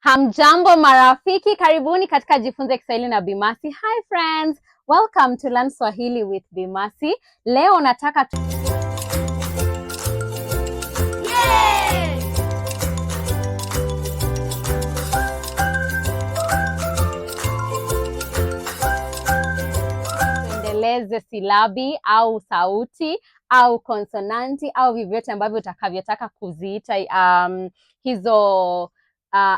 Hamjambo marafiki, karibuni katika Jifunze Kiswahili na Bimasi. Hi friends, welcome to Learn Swahili with Bimasi. Leo nataka tu utengeneze silabi au sauti au konsonanti au vyovyote ambavyo utakavyotaka kuziita um, hizo uh,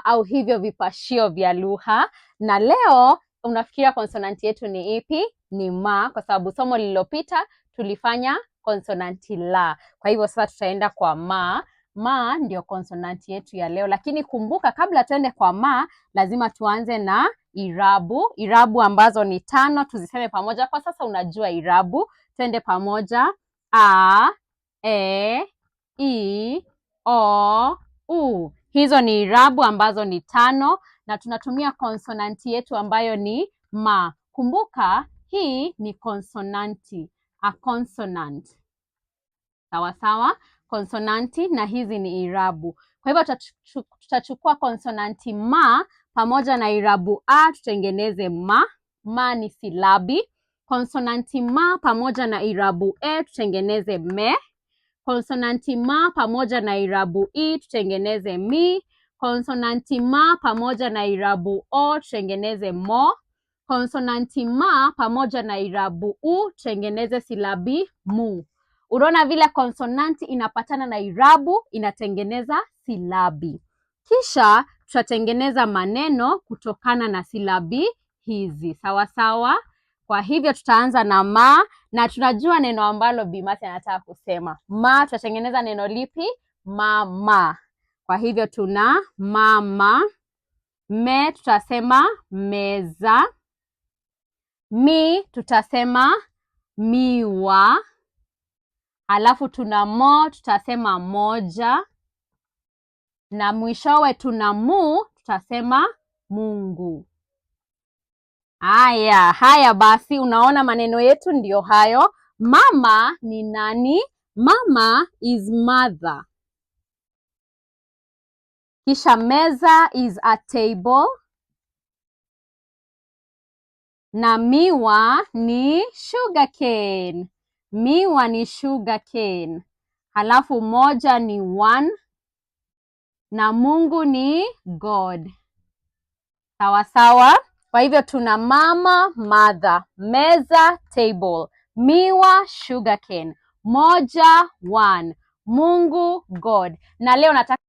au hivyo vipashio vya lugha. Na leo unafikiria konsonanti yetu ni ipi? Ni ma, kwa sababu somo lililopita tulifanya konsonanti la. Kwa hivyo sasa tutaenda kwa ma. Ma ndio konsonanti yetu ya leo, lakini kumbuka, kabla tuende kwa ma, lazima tuanze na irabu. Irabu ambazo ni tano, tuziseme pamoja. Kwa sasa unajua irabu, twende pamoja: a, e, i, o, u. Hizo ni irabu ambazo ni tano, na tunatumia konsonanti yetu ambayo ni ma. Kumbuka hii ni konsonanti, a consonant. Sawa sawa, konsonanti na hizi ni irabu. Kwa hivyo tutachukua konsonanti ma pamoja na irabu a tutengeneze ma. Ma ni silabi. Konsonanti ma pamoja na irabu e tutengeneze me. Konsonanti ma pamoja na irabu i tutengeneze mi. Konsonanti ma pamoja na irabu o tutengeneze mo. Konsonanti ma pamoja na irabu u tutengeneze silabi mu. Unaona vile konsonanti inapatana na irabu inatengeneza silabi, kisha tutatengeneza maneno kutokana na silabi hizi sawa sawa. Kwa hivyo tutaanza na ma, na tunajua neno ambalo Bi Mercy anataka kusema ma. Tutatengeneza neno lipi? Mama. Kwa hivyo tuna mama. Me tutasema meza. Mi tutasema miwa. Alafu tuna mo tutasema moja na mwishowe tuna mu, tutasema Mungu. Haya haya, basi unaona maneno yetu ndiyo hayo. Mama ni nani? Mama is mother. Kisha meza is a table, na miwa ni cane. Miwa ni cane. halafu moja ni one na Mungu ni God. Sawa sawa. Kwa hivyo tuna mama, mother, meza, table, miwa, sugarcane, moja, one, Mungu, God. Na leo nataka